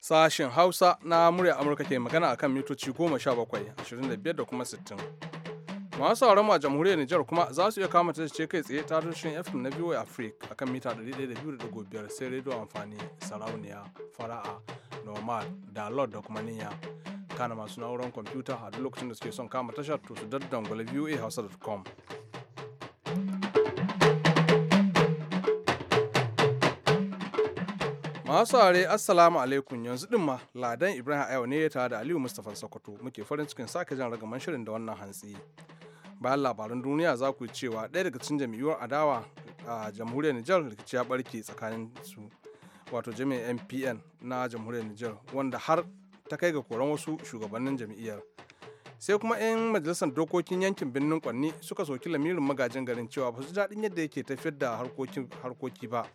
Sashen Hausa na murya Amurka ke magana a kan mitoci 17, 25 da kuma 60. Masu sauran a jamhuriyar Nijar kuma za su iya kama ta ce kai tsaye ta tushen FM na VOA Africa a kan mita 102.5 sai rediyo amfani sarauniya, fara'a, normal, lord da kuma niyya. Kana masu na'urar kwamfuta a duk lokacin da suke son kama tashar to su daddangula hausa.com Masu are assalamu alaikum yanzu din ma Ladan Ibrahim Ayo ne tare da Aliyu Mustapha Sokoto muke farin cikin sake jan ragaman shirin da wannan hantsi. Bayan labaran duniya za ku cewa ɗaya daga cikin jam'iyyar adawa a jamhuriyar Nijar rikici ya barke tsakanin su wato jami'an NPN na jamhuriyar Nijar wanda har ta kai ga koran wasu shugabannin jam'iyyar. sai kuma 'yan majalisar dokokin yankin birnin kwanni suka soki lamirin magajin garin cewa ba su daɗin yadda yake tafiyar da harkoki ba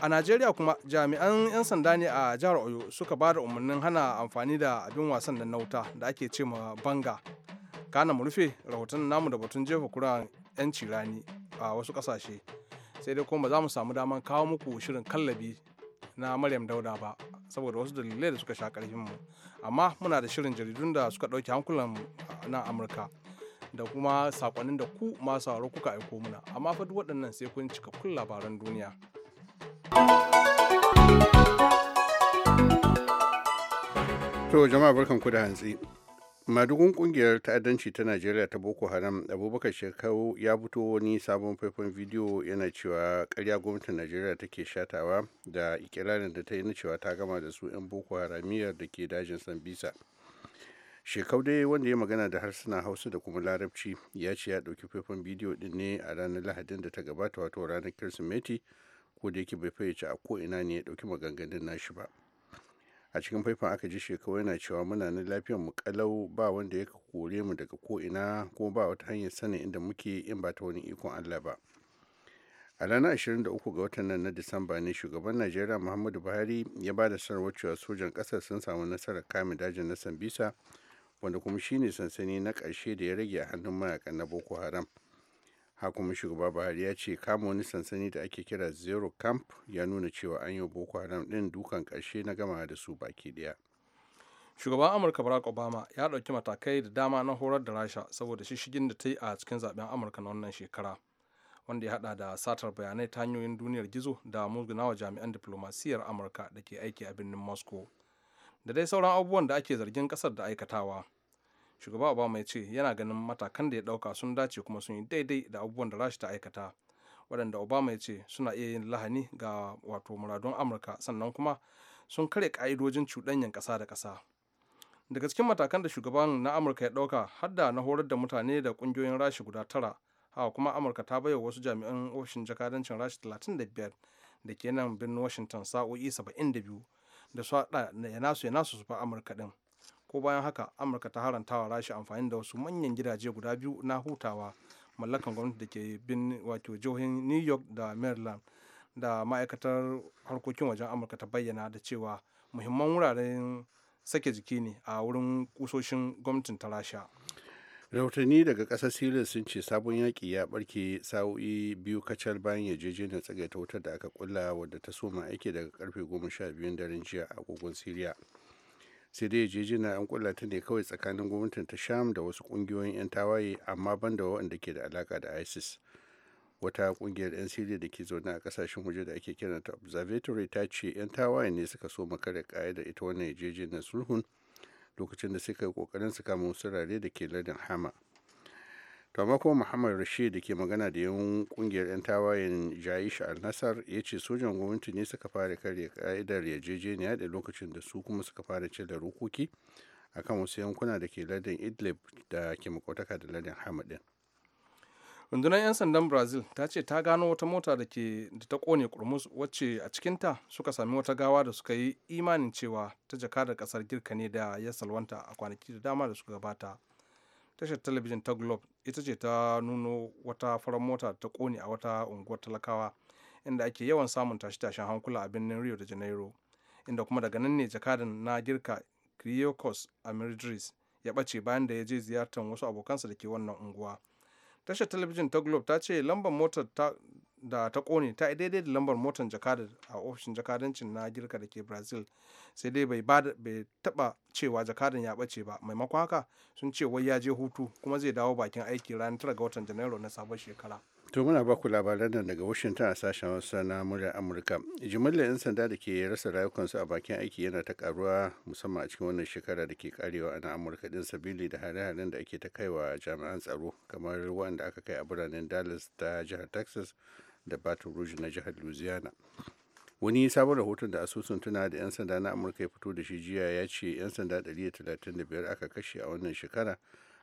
a najeriya kuma jami'an 'yan sanda ne a jihar oyo suka ba da umarnin hana amfani da abin wasan da na wuta da ake ce ma banga kana mu rufe rahoton namu da batun jefa kuran 'yanci rani a wasu kasashe sai dai kuma ba za mu samu daman kawo muku shirin kallabi na maryam dauda ba saboda wasu dalilai da suka sha karfin mu amma muna da shirin jaridun da suka ɗauki hankulan na amurka da kuma sakonnin da ku masu kuka aiko muna amma fa duk waɗannan sai kun cika kun labaran duniya To jama'a barkan ku da hantsi. madugun kungiyar ta'addanci ta najeriya ta boko haram abubakar shekau ya fito wani sabon faifan bidiyo yana cewa karya gwamnatin najeriya take shatawa da ikirarin da ta yi na cewa ta gama da su 'yan boko haramiyar da ke dajin sambisa shekau dai wanda ya magana da harsuna hausa da kuma larabci ya ce ya ɗauki faifan bidiyo ɗin ne a ranar lahadin da ta gabata wato ranar kirsimeti ko da yake bai fayyace a ko ina ne ya ɗauki maganganun nashi ba a cikin faifan aka ji shekaru yana cewa muna na lafiyar mu kalau ba wanda ya kore mu daga ko ina ko ba wata hanyar sanin inda muke in ba ta wani ikon Allah ba a ranar 23 ga watan nan na disamba ne shugaban najeriya muhammadu buhari ya ba da sanarwar cewa sojan ƙasar sun samu nasarar kame dajin na sambisa wanda kuma shine sansani na karshe da ya rage a hannun mayakan na boko haram hakumin shugaba buhari ya ce kama wani sansani da ake kira zero camp ya nuna cewa an yi boko haram din dukan karshe na gama da su baki ɗaya shugaban amurka barack obama ya ɗauki matakai da dama na horar da rasha saboda shishigin da ta yi a cikin zaben amurka na wannan shekara wanda ya hada da satar bayanai ta hanyoyin duniyar gizo da wa jami'an diplomasiyyar amurka da ke aiki a birnin moscow da dai sauran abubuwan da ake zargin kasar da aikatawa shugaba obama ya ce yana ganin matakan da ya dauka sun dace kuma sun yi daidai da abubuwan da rashi ta aikata waɗanda obama ya ce suna iya yin lahani ga wato muradun amurka sannan kuma sun kare ka'idojin cuɗanyan ƙasa da ƙasa daga cikin matakan da shugaban na amurka ya dauka har da na horar da mutane da ƙungiyoyin rashi guda tara haka kuma amurka ta wa wasu jami'an ofishin jakadancin rashi 35 da ke nan birnin washington sa'o'i 72 da su haɗa ya nasu yanasu su fa amurka ɗin ko bayan haka amurka ta harantawa rashi amfani da wasu manyan gidaje guda biyu na hutawa mallakan gwamnati da ke bin wato jihohin new york da maryland da ma'aikatar harkokin wajen amurka ta bayyana da cewa muhimman wuraren sake jiki ne a wurin kusoshin gwamnatin ta rasha rahotanni daga kasar siriya sun ce sabon yaƙi ya barke sa'o'i biyu kacal bayan yarjejeniyar tsagaita wutar da aka kulla wadda ta soma aiki daga karfe goma sha 12 daren jiya a agogon siriya sai dai jejina an kulla ta ne kawai tsakanin gwamnatin ta sham da wasu kungiyoyin 'yan tawaye amma ban da waɗanda ke da alaka da isis wata kungiyar 'yan siriya da ke zaune a kasashen waje da ake kiran ta observatory ta ce 'yan tawaye ne suka so makare da ita wannan yarjejeniyar sulhun lokacin da suka yi kokarin su kama wasu rare da ke lardin hama to kuma muhammad rashid da ke magana da yawan kungiyar 'yan tawayen jayish al-nasar ya ce sojan gwamnati ne suka fara karya ka'idar yarjejeniya da lokacin da su kuma suka fara cire rukuki kan wasu yankuna da ke lardin idlib da ke makwataka da lardin hamadin rundunar 'yan sandan brazil ta ce ta gano wata mota da ke da ta kone kurmus wacce a cikinta suka sami wata gawa da suka yi imanin cewa ta jaka da kasar girka ne da ya salwanta a kwanaki da dama da suka gabata tashar talabijin ta globe ita ce ta nuno wata farar mota ta kone a wata unguwar talakawa inda ake yawan samun tashe-tashen hankula a birnin rio de janeiro inda kuma daga nan ne jakadan na girka a amiridris ya ɓace bayan da ya je ziyartar wasu abokansa da ke wannan unguwa tashar talabijin ta globe ta ce lambar motar da ta kone ta daidai da lambar motar jakada a ofishin jakadancin na girka da ke brazil sai dai bai taba cewa jakadan ya bace ba maimakon haka sun ce wai ya je hutu kuma zai dawo bakin aiki ranar tara ga watan janairu na sabon shekara to muna baku ku labaran nan daga washington a sashen wasa na muryar amurka jimillar 'yan sanda da ke rasa rayukansu a bakin aiki yana ta karuwa musamman a cikin wannan shekara da ke karewa a amurka din sabili da hare-haren da ake ta kaiwa jami'an tsaro kamar wanda aka kai a biranen dallas ta jihar texas da baton rouge na jihar louisiana wani sabon rahoton da asusun tuna da 'yan sanda na amurka ya fito da shi jiya ya ce 'yan sanda 135 aka kashe a wannan shekara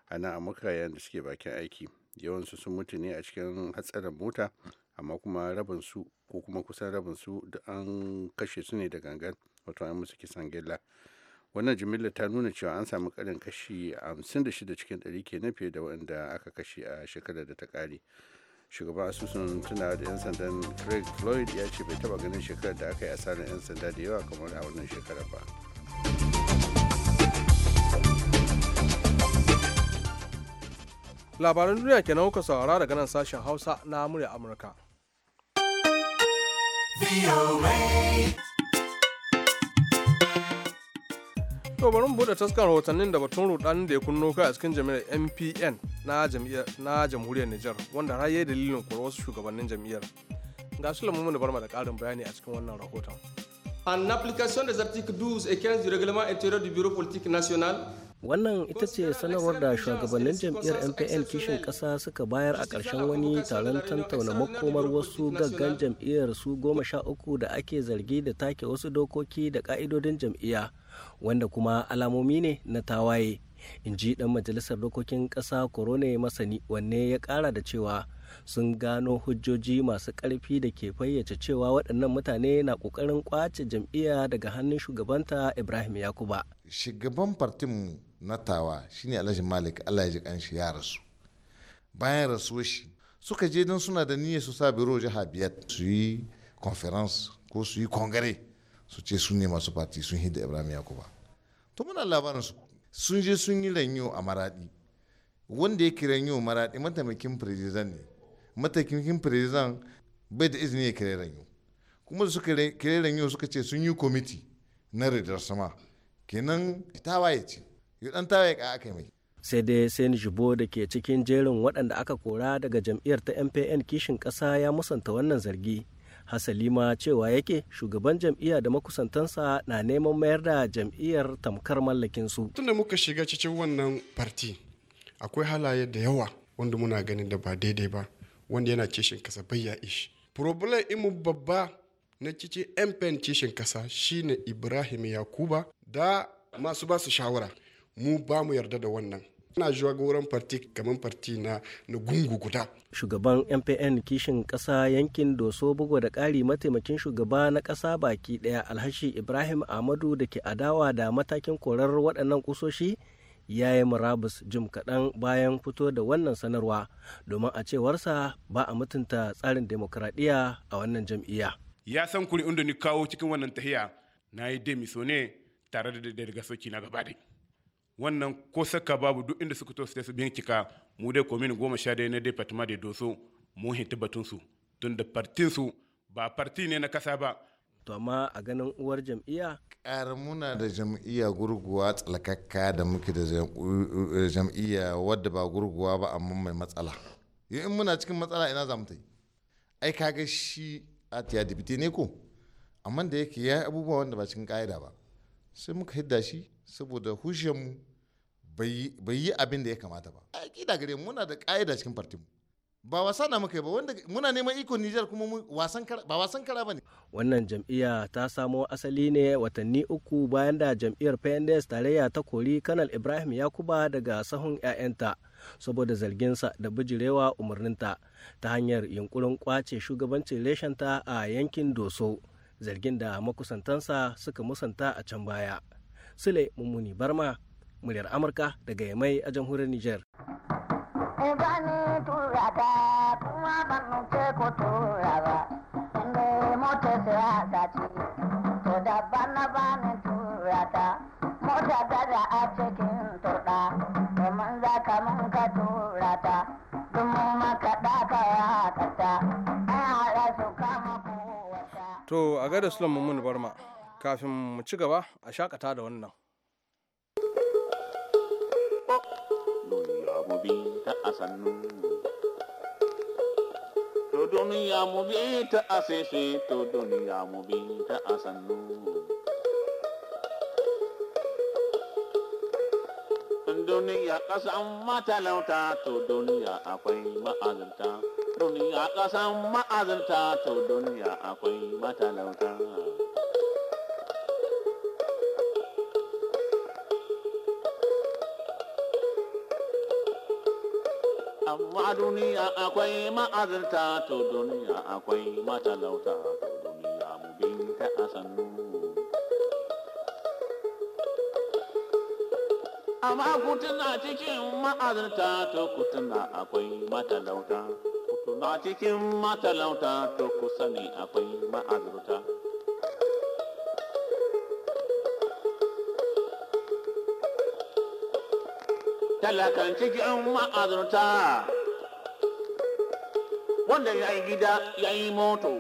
a nan amurka yayin da suke bakin aiki yawansu sun mutu ne a cikin hatsarin mota amma kuma rabin su ko kuma kusan rabin su da an kashe su ne da gangan wato an musu kisan gilla wannan jimillar ta nuna cewa an samu karin kashi 56 cikin 100 kenan fiye da waɗanda aka kashe a shekarar da ta kare shugaban asusun tuna da 'yan sandan craig floyd ya ce bai taba ganin shekarar da aka yi asarar 'yan sanda da yawa kamar a wannan shekarar ba labaran duniya kenan kuka saurara daga nan sashen hausa na murya amurka to bari mu bude taskar rahotannin da batun rudanin da ya kunno kai a cikin jami'ar mpn na jamhuriyar nijar wanda har yayi dalilin kora wasu shugabannin jam'iyyar ga su lamu da barma da karin bayani a cikin wannan rahoton an application des articles 12 et 15 du règlement intérieur du bureau politique national wannan ita ce sanarwar da shugabannin jam'iyyar mpn kishin kasa suka bayar a ƙarshen wani taron tantauna makomar wasu gaggan jam'iyyar su goma sha uku da ake zargi da take wasu dokoki da ka'idodin jam'iyya wanda kuma alamomi ne na tawaye in ji dan majalisar dokokin kasa korone masani wanne ya kara da cewa sun gano hujjoji masu ƙarfi da ke fayyace cewa waɗannan mutane na ƙoƙarin kwace jam'iyya daga hannun shugabanta ibrahim yakuba shugaban fartin na tawa shine alhaji malik allah ya ji kanshi ya rasu bayan rasuwa shi suka je don suna da niyyar su sa biro jiha biyar su yi conference ko su yi kongare su ce sun ne masu fati sun hidda ibrahim yakuba to muna labarin su sun je sun yi ranyo a maradi wanda ya kira ranyo maradi matamakin firizan ne matamakin firizan bai da izini ya kira ranyo kuma suka kira ranyo suka ce sun yi kwamiti na rajar sama kenan tawaye ce yi dan tawaye ka aka mai sai dai sen jibo da ke cikin jerin waɗanda aka kora daga jam'iyyar ta mpn kishin ƙasa ya musanta wannan zargi hasali ma cewa yake shugaban jam'iyya da makusantansa na neman mayar da jam'iyyar tamkar mallakinsu tunda muka shiga cikin wannan farti akwai halaye da yawa wanda muna ganin da ba daidai ba wanda yana cishin kasa bai ya ishi problem imu babba na yan MPN cishin kasa shine ibrahim yakuba da masu ba su shawara mu ba mu yarda da wannan ina jagoran farti kamar farti na gungu guda shugaban mpn kishin ƙasa yankin doso bugu da ƙari mataimakin shugaba na ƙasa baki ɗaya alhashi ibrahim ahmadu da ke adawa da matakin korar waɗannan kusoshi ya yi murabus jim kaɗan bayan fito da wannan sanarwa domin a cewarsa ba a mutunta tsarin demokradiyya a wannan jam'iyya ya san kuri da ni kawo cikin wannan tahiya na yi demisone tare da delegasoci na gaba dai wannan ko saka babu duk inda suka to su su bincika mu dai komin goma sha daya na departement da doso hinta batun su tun da su ba parti ne na kasa ba to amma a ganin uwar jam'iyya muna da jam'iyya gurguwa tsalakakka da muke da jam'iyya wadda ba gurguwa ba amma mai matsala in muna cikin matsala ina za mu ta yi ai kaga shi a tiya dibite ne ko amma da yake ya abubuwa wanda ba cikin ka'ida ba sai muka hidda shi saboda hushen bai yi abin da ya kamata ba a ƙida gare muna da ƙa'ida cikin farti ba wasa na muka ba wanda muna neman ikon Nijar kuma wasan kara ba wasan wannan jam'iyya ta samo asali ne watanni uku bayan da jam'iyyar PNDS tarayya ta kori Kanal Ibrahim Yakuba daga sahun 'ya'yanta saboda zarginsa da bijirewa umarninta ta hanyar yunkurin kwace shugabancin reshenta a yankin Doso zargin da makusantansa suka musanta a can baya Sule Mummuni Barma, muryar Amurka daga Yamai a jamhuriyar Nijar. Eh, mota gaza a cikin turɗa, domin za ka mun ka tura ta, domin maka ɗaka ya ta an haɗa su kama To a gada Sulaiman Mun Barma. kafin mu ci gaba a shakata da wannan. Duniya mu bi ta a sannu. To duniya mu bi ta a sese, to duniya mu bi ta a sannu. Duniya ƙasan matalauta, to duniya akwai ma'azinta. Duniya ƙasan ma'azinta, to duniya akwai matalauta. abu a duniya akwai ma'azarta to duniya akwai matalauta to duniya mu binta a sannu amma kutuna cikin ma'azarta to kutuna akwai matalauta kutuna cikin matalauta to kusa ne akwai ma'azarta talakan cikin ma'azurta wanda ya yi gida ya yi moto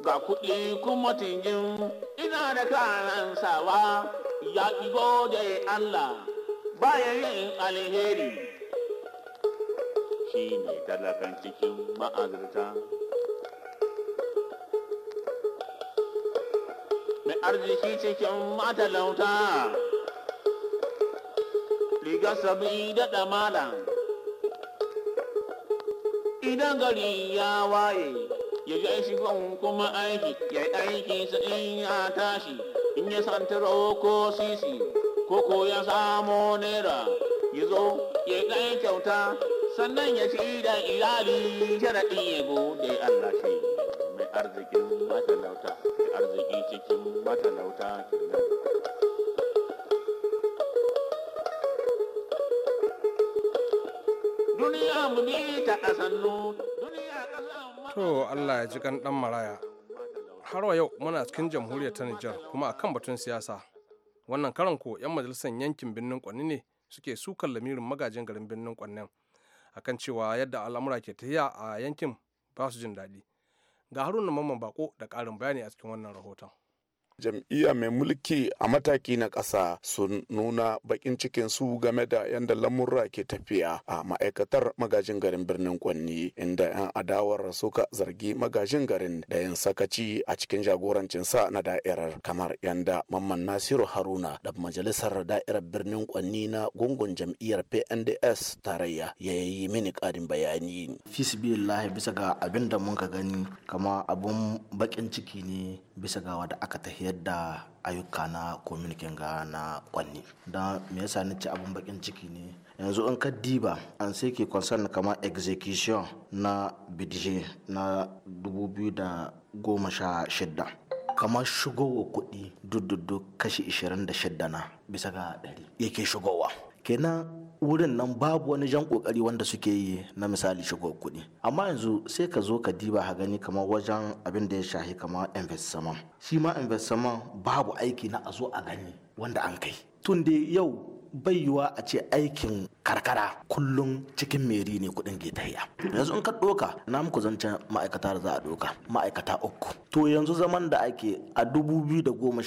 ga kuɗi kuma tingin ina da kanan sawa ya ƙi gode Allah bayan yin alheri shi ne talakan cikin ma'azurta mai arziki cikin matalauta riga sabi daɗa malam idan gari ya waye ya ji shigon kuma aiki ya yi aiki in ya tashi in ya santaro ko sisi ko ya samo naira ya zo ya yi kyauta sannan ya ci da iyali jaraɗi ya da Allah shi mai arzikin matalauta arziki cikin matalauta kenan to Allah ya ji kan maraya har wa yau muna cikin jamhuriyar ta Nijar kuma a kan batun siyasa wannan karan ko yan majalisar yankin birnin kwanne ne suke sukan lamirin magajin garin birnin Kwannin akan cewa yadda al'amura ke tafiya a yankin ba su jin daɗi ga haruna mamman bako da ƙarin bayani a cikin wannan rahoton jam'iyya mai mulki a mataki na ƙasa sun nuna bakin cikin su game da yadda lamurra ke tafiya a ma'aikatar magajin garin birnin Kwanni inda 'yan adawar suka zargi magajin garin da yin sakaci a cikin jagorancin sa na da'irar kamar yadda Mamman Nasiru Haruna da majalisar da'irar birnin Kwanni na gungun jam'iyyar PNDS tarayya ya yi mini ƙarin bayani. Fisbillahi bisa ga abin da mun ka gani kama abun bakin ciki ne bisa ga wada aka tahiya yadda ayyuka na communication ga na kwanni don me yasa ni ci abin bakin ciki ne yanzu in ka diba an sai ke concern kamar execution na bidje na 2016 kamar shigowa kuɗi duddudu kashi 26 na bisa ga 100 yake shigowa kenan wurin nan babu wani jan kokari wanda suke yi na misali shigo kuɗi amma yanzu sai ka zo ka diba ha gani kamar wajen abin da ya shahi kamar investment shi ma investment babu aiki na a zo a gani wanda an kai tun da yau bai a ce aikin karkara kullum cikin meri ne kudin getayya yanzu in ka doka na muku zance ma'aikata da za a doka ma'aikata uku to yanzu zaman da ake a dubu biyu da goma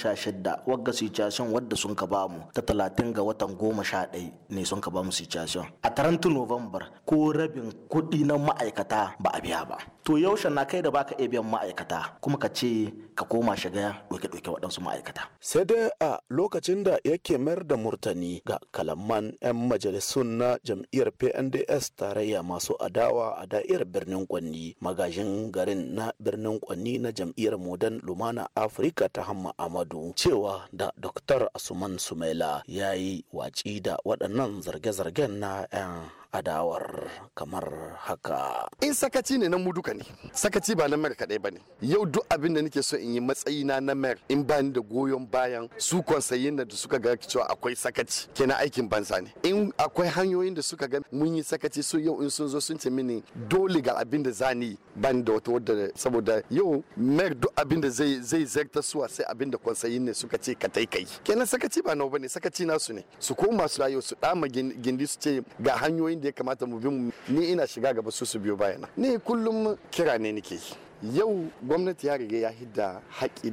wagga situation wadda sun ka bamu ta talatin ga watan goma sha ɗaya ne sun ka bamu situation a tarantu november ko rabin kudi na ma'aikata ba a biya ba to yaushe na kai da baka iya biyan ma'aikata kuma ka ce ka koma shiga doke-doke waɗansu ma'aikata sai dai a lokacin da yake mayar da murtani ga da kalaman 'yan majalisun na jam'iyyar pnds tarayya masu adawa a da'irar birnin kwanni magajin garin na birnin kwanni na jam'iyyar modern lumana afirka ta hamma amadu cewa da dr asuman sumaila ya yi watsi da waɗannan zarge-zargen na 'yan adawar kamar haka. In sakaci ne na mu duka ne, sakaci ba na mayar kaɗai ba Yau duk abin da nake so in yi matsayina na mayar in ba ni da goyon bayan su konsayin da suka ga cewa akwai sakaci kenan aikin banza ne. In akwai hanyoyin da suka ga mun yi sakaci so yau in sun zo sun ce mini dole ga abin da zani ban da wata wadda saboda yau mayar duk abin da zai zai zarta suwa sai abin da konsayin ne suka ce ka tai kai. Kenan sakaci ba nawa ba ne sakaci nasu ne. Su koma su rayu su dama gindi su ce ga hanyoyin da ya kamata mu bi mu ni ina shiga gaba su su biyo bayana ni kullum kira ne nake yi yau gwamnati ya rige ya hidda haƙi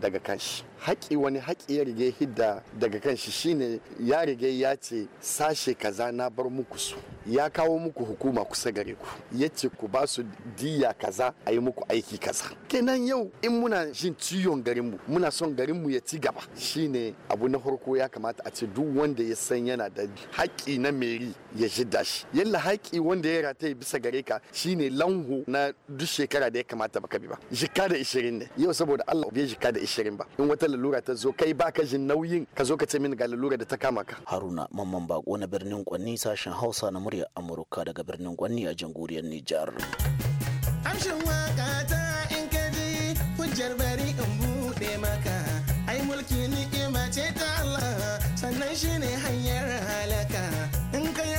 daga, kanshi haƙi wani haƙi ya rige hidda daga kanshi shine ya rige ya ce sashe kaza na bar muku su ya kawo muku hukuma kusa gare ku ya ce ku ba su diya kaza a yi muku aiki kaza kenan yau in muna jin ciwon garinmu muna son garinmu ya ci gaba shine abu na farko ya kamata a ce duk wanda ya san yana da haƙi na meri ya shidda shi yalla haƙi wanda ya rataye bisa gare ka shine lanho na duk shekara da ya kamata kamata baka bi ba jika da 20 ne yau saboda Allah bai jika da 20 ba in wata lalura ta zo kai baka jin nauyin ka zo ka ce min ga lalura da ta kama ka Haruna Mamman Bako na birnin Kwanni sashen Hausa na murya Amurka daga birnin Kwanni a jamhuriyar Nijar Amshin waka ta in ka ji hujjar in bude maka ai mulki ni'ima ce ta Allah sannan shine hanyar halaka in ka yi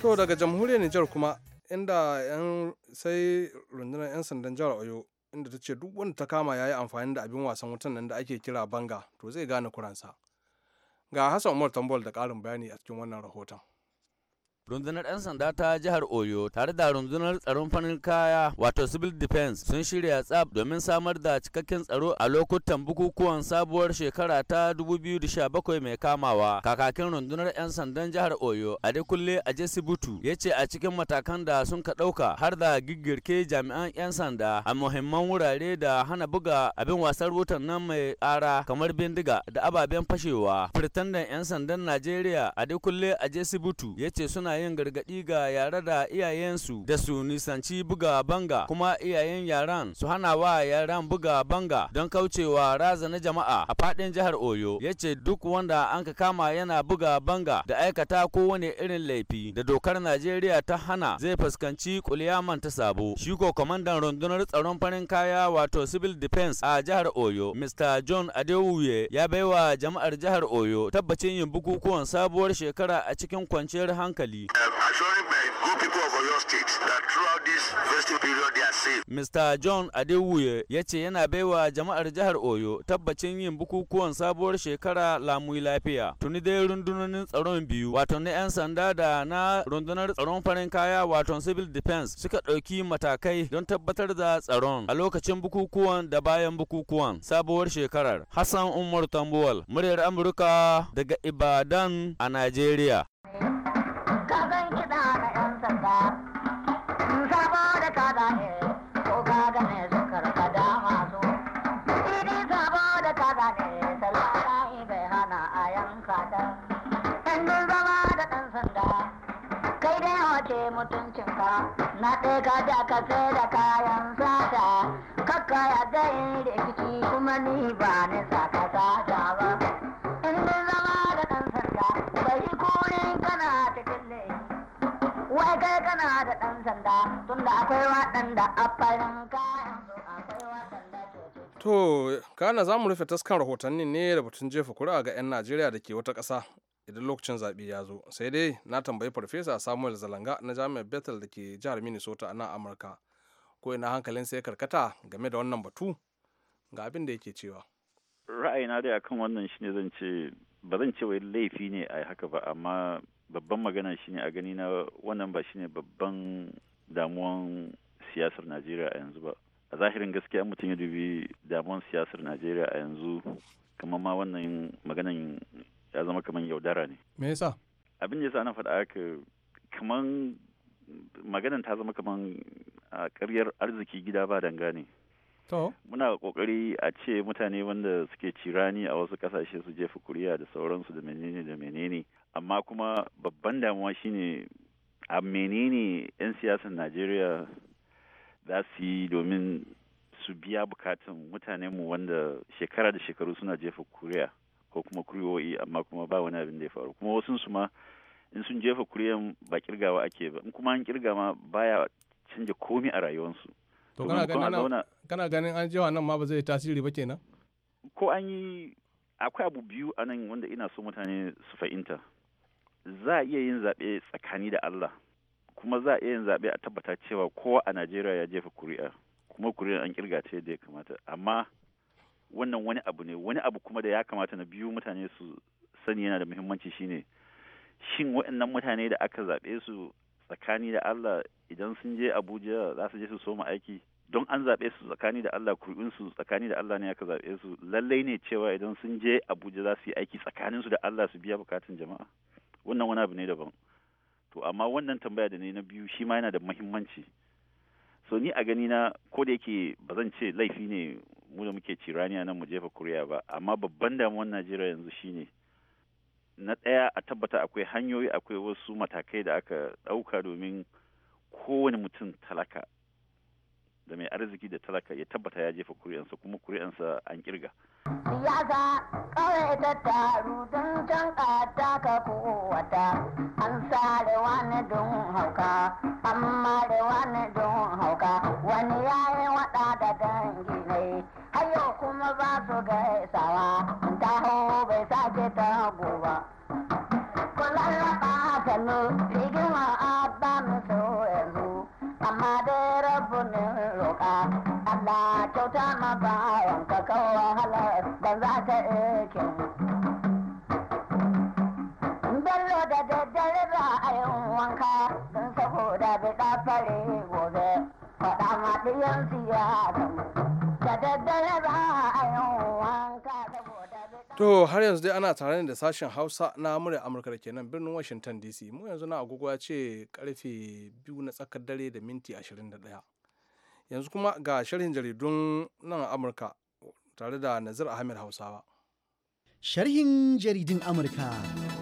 To daga jamhuriyar Nijar kuma inda sai rundunar 'yan sandan jihar oyo inda ta ce duk wanda ta kama ya yi amfani da abin wasan wutan nan da ake kira banga to zai gane kuransa ga hassan umar tambol da ƙarin bayani a cikin wannan rahoton rundunar 'yan sanda ta jihar oyo tare da rundunar tsaron farin kaya wato civil defense sun shirya tsab domin samar da cikakken tsaro a lokutan bukukuwan sabuwar shekara ta 2017 mai kamawa kakakin rundunar 'yan sandan jihar oyo adekunle ajesibutu ya ce a cikin matakan da sun ka ɗauka har da giggirke jami'an 'yan sanda a muhimman wurare da hana buga abin wasan rutan nan mai ƙara kamar bindiga da ababen fashewa firtandan 'yan sandan najeriya adekunle ajesibutu ya ce suna yin gargaɗi ga yare da iyayensu da su nisanci buga banga kuma iyayen yaren su hana wa yaren buga banga don kaucewa razana jama'a a faɗin jihar Oyo yace duk wanda an ka kama yana buga banga da aikata ko wani irin laifi da dokar Najeriya ta hana zai fuskanci kuliyaman ta sabo. Shi ko kwamandan rundunar tsaron farin kaya wato civil defense a jihar Oyo Mr. John Adewuye ya baiwa jama'ar jihar Oyo tabbacin yin bukukuwan sabuwar shekara a cikin kwanciyar hankali Mr. John Adewuye ya ce yana baiwa jama'ar jihar Oyo tabbacin yin bukukuwan sabuwar shekara lamu lafiya. Tuni dai rundunonin tsaron biyu wato na 'yan sanda da na rundunar tsaron farin kaya wato civil defense suka ɗauki matakai don tabbatar da tsaron a lokacin bukukuwan da bayan bukukuwan sabuwar shekarar. Hassan Umar Tambuwal, muryar Amurka daga Ibadan a Najeriya. kada saba da kada ne ko kada ne sukar kada masu idi saba da kada ne salata bai hana a yanka In ɗan zama da ɗan sanda kai dai wace ka? na ɗaya ka da ka sai da kayan sata kakka ya dai rikici kuma ni ba ni saka sata ba in zama da ɗan sanda bai yi kurin kana tafi dai kana da ɗan sanda tunda akwai waɗanda a farin waɗanda To, Ghana za mu rufe taskan rahotannin ne da batun jefa kuri'a ga 'yan Najeriya da ke wata ƙasa idan lokacin zaɓe ya zo. Sai dai na tambayi Farfesa Samuel Zalanga na Jami'ar Bethel da ke jihar Minnesota a nan Amurka. Ko ina hankalin sai karkata game da wannan batu ga abin da yake cewa. Ra'ayina dai akan wannan shi ne zan ce ba zan ce wai laifi ne a haka ba amma babban magana shine a gani na wannan ba shine babban damuwan siyasar najeriya a yanzu ba a zahirin gaskiya mutum ya dubi damuwan siyasar najeriya a yanzu kamar ma wannan maganan ya zama kamar yaudara ne me yasa abin yasa na faɗa haka kamar maganan ta zama kamar a karyar arziki gida ba dangane To. Muna kokari a ce mutane wanda suke cirani a wasu kasashe su jefa kuriya da sauransu da menene da menene amma kuma babban damuwa shine a menene 'yan siyasar najeriya za su yi domin su biya bukatun mutanenmu wanda shekara da shekaru suna jefa kuriya ko kuma kuriyoyi amma kuma ba wani abin da ya faru kuma wasu su ma in sun jefa kuriyan ba kirgawa ake ba in kuma an kirga ma baya canja komi a rayuwarsu to kana ganin an jewa nan ma ba zai tasiri ba kenan ko an yi akwai abu biyu a nan wanda ina so mutane su fahimta za a iya yin zaɓe tsakani da Allah kuma za a iya yin zaɓe a tabbata cewa kowa a Najeriya ya jefa kuri'a kuma kuri'a an kirga ta yadda ya kamata amma wannan wani abu ne wani abu kuma da ya kamata na biyu mutane su sani yana da muhimmanci shine shin waɗannan mutane da aka zaɓe su tsakani da Allah idan sun je Abuja za su je su soma aiki don an zaɓe su tsakani da Allah kuri'unsu tsakani da Allah ne aka zaɓe su lallai ne cewa idan sun je Abuja za su yi aiki tsakaninsu da Allah su biya bukatun jama'a wannan wani abu ne daban to amma wannan tambaya da ne na biyu shi ma yana da muhimmanci so ni a gani na ko da yake ba zan ce laifi ne mu da muke ciraniya rani nan mu jefa kuriya ba amma babban damuwar najeriya yanzu shine na ɗaya a tabbata akwai hanyoyi akwai wasu matakai da aka ɗauka domin kowane mutum talaka da mai arziki da talaka ya tabbata ya jefa kuri'ansa kuma kuri'ansa an kirga. Siyasa kawai ta taru don can ƙata ka kowata, an sare wani don hauka, amma mare wani don hauka, wani ya yi waɗa da dangi ne, hayo kuma ba su gaisawa, taho bai sake tago ba. Kullum ba ta nufin rigima a ba mu so yanzu, amma dai kunnin roƙa Allah kyauta ma bawan ka kawo wahalar da za ka ikin Bello da daddare za a yi wanka don saboda biɗa fare gobe faɗa ma ɗiyan siyasa da daddare za a yi wanka To har yanzu dai ana tare da sashen Hausa na murya Amurka da kenan birnin Washington DC. Mu yanzu na agogo ya ce karfe biyu na tsakar dare da minti 21. Yanzu kuma ga sharhin jaridun nan Amurka tare da Nazir Ahmed Hausawa. Sharhin jaridun Amurka.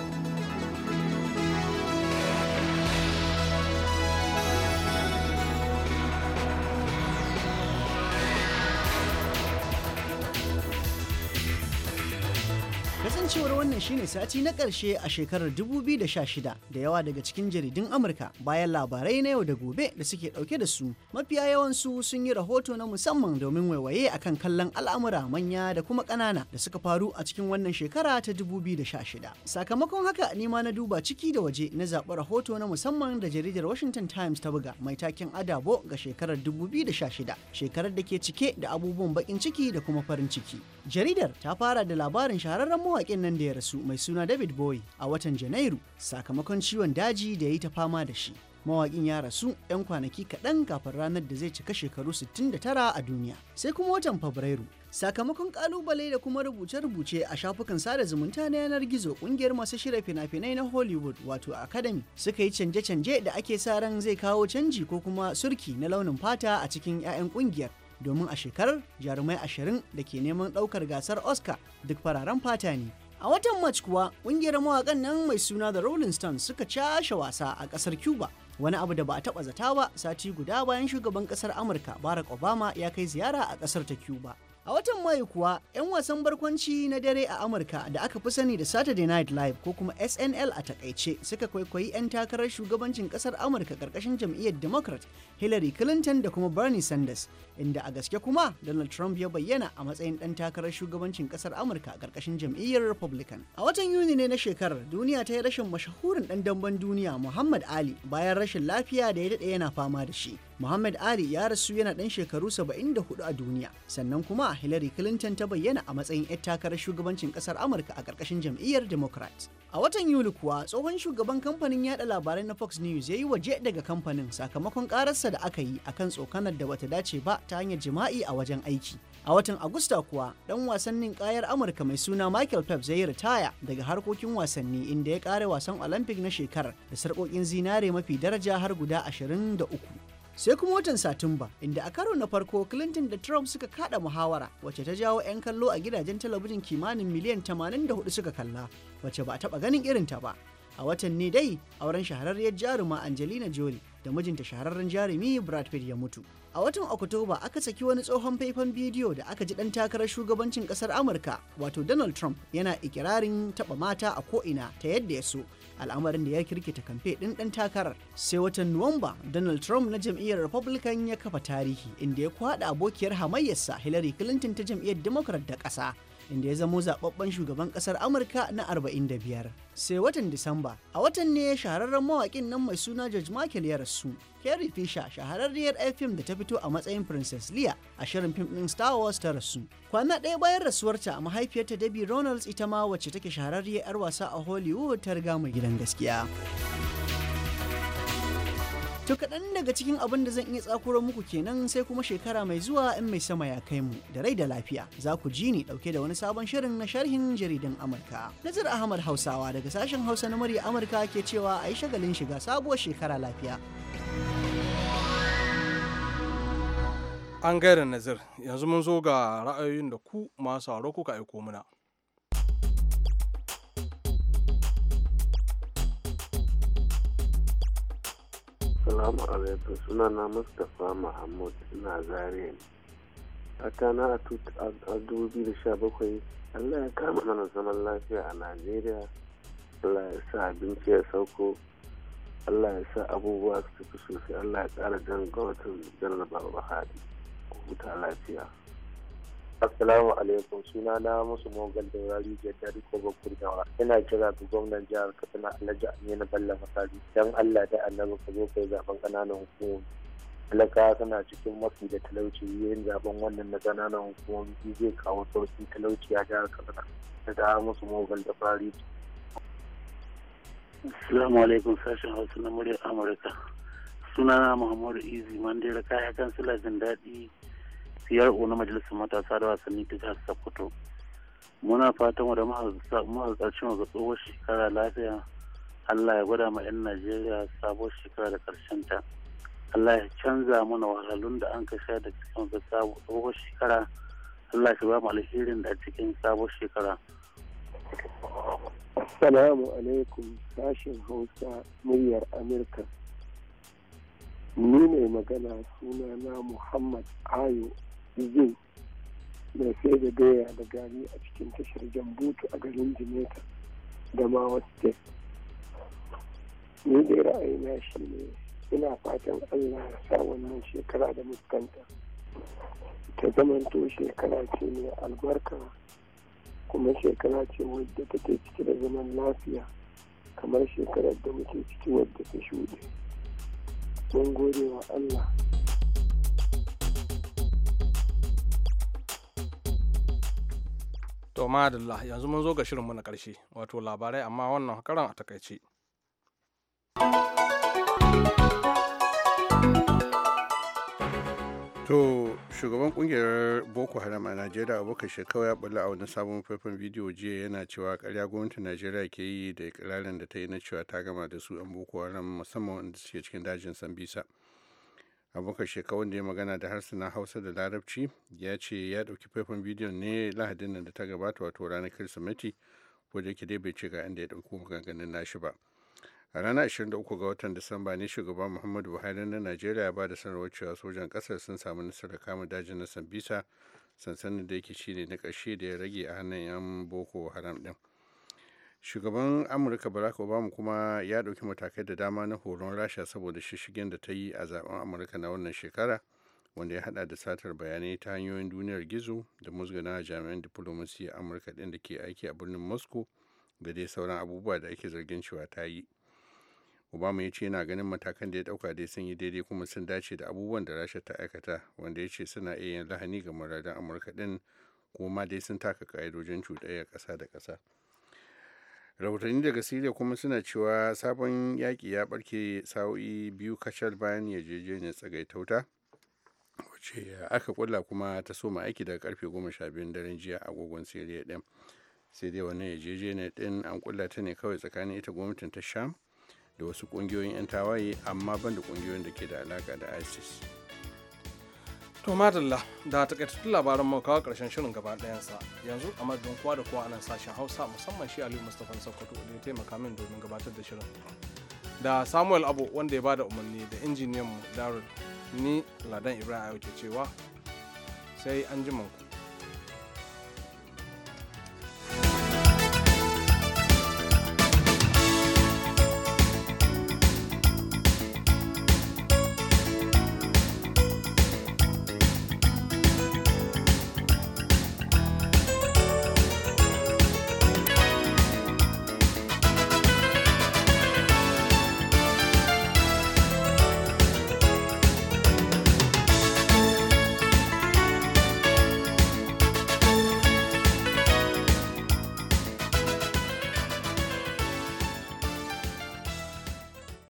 cewar wannan shine sati na ƙarshe a shekarar 2016 da yawa daga cikin jaridun Amurka bayan labarai na yau da gobe da suke ɗauke da su mafiya yawansu sun yi rahoto na musamman domin waiwaye akan kallon al'amura manya da kuma ƙanana da suka faru a cikin wannan shekara ta 2016. Sakamakon haka nima na duba ciki da waje na zaɓi rahoto na musamman da jaridar Washington Times ta buga mai takin adabo ga shekarar 2016 shekarar da ke cike da abubuwan baƙin ciki da kuma farin ciki. Jaridar ta fara da labarin shahararren mawaƙin nan da ya rasu mai suna David boy a watan Janairu sakamakon ciwon daji da ya yi ta fama da shi. Mawaƙin ya rasu 'yan kwanaki kaɗan kafin ranar da zai cika shekaru 69 a duniya. Sai kuma watan Fabrairu, sakamakon ƙalubale da kuma rubuce-rubuce a shafukan sada zumunta na yanar gizo ƙungiyar masu shirya fina-finai na hollywood wato academy suka yi canje-canje da ake sa ran zai kawo canji ko kuma surki na launin fata a cikin 'ya'yan ƙungiyar. domin a shekarar jarumai ashirin da ke neman ɗaukar gasar oscar duk fararen fata ne a watan march kuwa ƙungiyar mawaƙan nan mai suna da rolling stones suka cashe wasa a ƙasar cuba wani abu da ba a taɓa zata ba sati guda bayan shugaban ƙasar amurka barack obama ya kai ziyara a ƙasar ta cuba A watan Mayu kuwa, 'yan wasan barkwanci na dare a Amurka da aka fi sani da Saturday Night Live ko kuma SNL a takaice suka kwaikwayi 'yan takarar shugabancin kasar Amurka karkashin jam'iyyar Democrat Hillary Clinton da kuma Bernie Sanders, inda a gaske kuma Donald Trump ya bayyana a matsayin ɗan takarar shugabancin kasar Amurka a karkashin jam'iyyar Republican. A watan Yuni ne na shekarar, duniya ta yi rashin mashahurin ɗan damben duniya Muhammad Ali bayan rashin lafiya da ya daɗe yana fama da shi. Muhammad Ali ya rasu yana ɗan shekaru 74 a duniya, sannan kuma Hillary Clinton ta bayyana a matsayin 'yar takarar shugabancin ƙasar Amurka a ƙarƙashin jam'iyyar Democrat. A watan Yuli kuwa tsohon shugaban kamfanin yada labarai na Fox News ya yi waje daga kamfanin sakamakon ƙararsa da aka yi akan tsokanar da bata dace ba ta hanyar jima'i a wajen aiki. A watan Agusta kuwa, ɗan wasannin ƙayar Amurka mai suna Michael Phelps ya yi ritaya daga harkokin wasanni inda ya ƙare wasan Olympic na shekarar da sarƙoƙin zinare mafi daraja har guda 23. sai kuma watan satumba inda a karo na farko clinton da trump suka kada muhawara wacce ta jawo 'yan kallo a gidajen talabijin kimanin miliyan 84 suka kalla wacce ba a taba ganin irin ta ba a watan ne dai auren shahararriyar jaruma angelina jolie da mijinta shahararren jarumi brad pitt ya mutu a watan oktoba aka saki wani tsohon faifan bidiyo da aka ji dan takarar shugabancin kasar amurka wato donald trump yana ikirarin taba mata a ko'ina ta yadda ya so al'amarin da ya kirkita kamfe ɗin ɗan takarar sai watan nuwamba donald trump na jam'iyyar republican ya kafa tarihi inda ya kwaɗa abokiyar hamayyarsa hillary clinton ta jam'iyyar democrat da ƙasa inda ya zamo zaɓaɓɓen shugaban ƙasar amurka na 45 sai watan disamba a watan ne shahararren mawakin nan mai suna george michael ya rasu carrie fisher shahararriyar yar fim da ta fito a matsayin princess lia a shirin fim ɗin star wars ta rasu kwana ɗaya bayan rasuwarta a mahaifiyarta debbie ronalds ita ma wacce take shahararriyar 'yar wasa a hollywood ta riga mai gidan gaskiya To kaɗan daga cikin abin da zan iya tsakuro muku kenan sai kuma shekara mai zuwa in mai sama ya kai mu da rai da lafiya za ku ji ni ɗauke da wani sabon shirin na sharhin jaridan Amurka. Nazir Ahmad Hausawa daga sashen Hausa na murya Amurka ke cewa a yi shagalin shiga sabuwar shekara lafiya. An gaira nazar, yanzu mun zo ga ra'ayoyin da ku masu sauraro kuka aiko mana. Salamu alaikum suna na Mustapha Muhammad ina zariya ne. Fata na a 2017 Allah ya kama mana zaman lafiya a Najeriya. Allah ya sa abinci ya sauko. Allah ya sa abubuwa su tafi sosai. Allah ya tsara jan ga watan janar Buhari. Ku huta lafiya. Assalamu alaikum suna na musu mogal da wari jadda ko bakur dawa. ina kira ga gwamnan jihar Katsina Alhaji Aminu Bello Masari dan Allah da Annabi ka zo kai zaben kananan hukumomi Alaka suna cikin mafi da talauci yin zaben wannan na kananan hukumomi zai kawo sauki talauci a jihar Katsina da musu mogal da fari Assalamu alaikum sashen Hausa na muryar Amurka sunana Muhammadu Izi Mandira kaya kansila jin daɗi CRO na Majalisar Matasa da Wasanni ta Jihar Sokoto. Muna fatan wa da mahalarcin wa tsohuwar shekara lafiya Allah ya gwada ma 'yan Najeriya sabuwar shekara da karshen ta. Allah ya canza mana wahalhalun da an ka sha da cikin sabuwar shekara. Allah ya ba mu alherin da a cikin sabuwar shekara. Assalamu alaikum sashen Hausa muryar Amurka. Ni mai magana suna na Muhammad Ayo zu mai sai da doya da gari a cikin tashar jambutu a garin jimeta da wasu wasu ni da ra'ayina shi ne ina fatan allah ya sa wannan shekara da muskanta ta zamanto shekara ce mai albarka kuma shekara ce wadda take ciki da zaman lafiya kamar shekarar da muke ciki wadda ta shuɗe mun gode wa allah To madalla yanzu mun zo ga shirinmu na ƙarshe wato labarai amma wannan karan a takaice. To shugaban kungiyar Boko Haram a Najeriya abokan shekawa ya balla a wani sabon faifan bidiyo jiya yana cewa karya gwamnatin Najeriya ke yi da ikirarin da ta yi na cewa ta gama da su 'yan Boko Haram musamman wanda suke cikin dajin Sambisa. abokan shekarun da ya magana da harsunan hausa da larabci ya ce ya dauki faifan bidiyon ne lahadin nan da ta gabata wato ranar kirsimeti ko da yake dai bai ce ga inda ya ɗauko maganganun nashi ba a ranar 23 ga watan disamba ne shugaban muhammadu buhari na najeriya ba da sanarwar cewa sojan kasar sun samu nasarar kama dajin na sambisa sansanin da yake shine na karshe da ya rage a hannun 'yan boko haram din. shugaban amurka barack obama kuma ya ɗauki matakai da dama na horon rasha saboda shishigen da ta yi a zaben amurka na wannan shekara wanda ya hada da satar bayanai ta hanyoyin duniyar gizo da musgana jami'an diplomasi a amurka ɗin da ke aiki a birnin moscow da dai sauran abubuwa da ake zargin cewa ta yi obama ya ce yana ganin matakan da ya ɗauka dai sun yi daidai kuma sun dace da abubuwan da rasha ta aikata wanda ya ce suna iya yin lahani ga muradun amurka ɗin kuma dai sun taka ka'idojin cuɗayyar kasa da kasa. rahotanni daga siriya kuma suna cewa sabon yaƙi ya barke sa'o'i biyu kacal bayan yarjejeniyar tsagaita wuta wacce aka kulla kuma ta soma aiki daga karfe goma sha biyun daren jiya agogon siriya din sai dai wannan yarjejeniyar din an kulla ta ne kawai tsakanin ita gwamnatin ta sham da wasu kungiyoyin 'yan tawaye amma ban da kungiyoyin da ke da alaka da isis to madalla da takaitattun labaran mu kawo karshen shirin gaba ɗayansa yanzu a madadin kowa da kowa a nan sashen hausa musamman shi aliyu mustapha sokoto da ya taimaka min domin gabatar da shirin da samuel abu wanda ya ba da umarni da injiniyan mu darul ni ladan ibrahim ayo cewa sai an ji ku.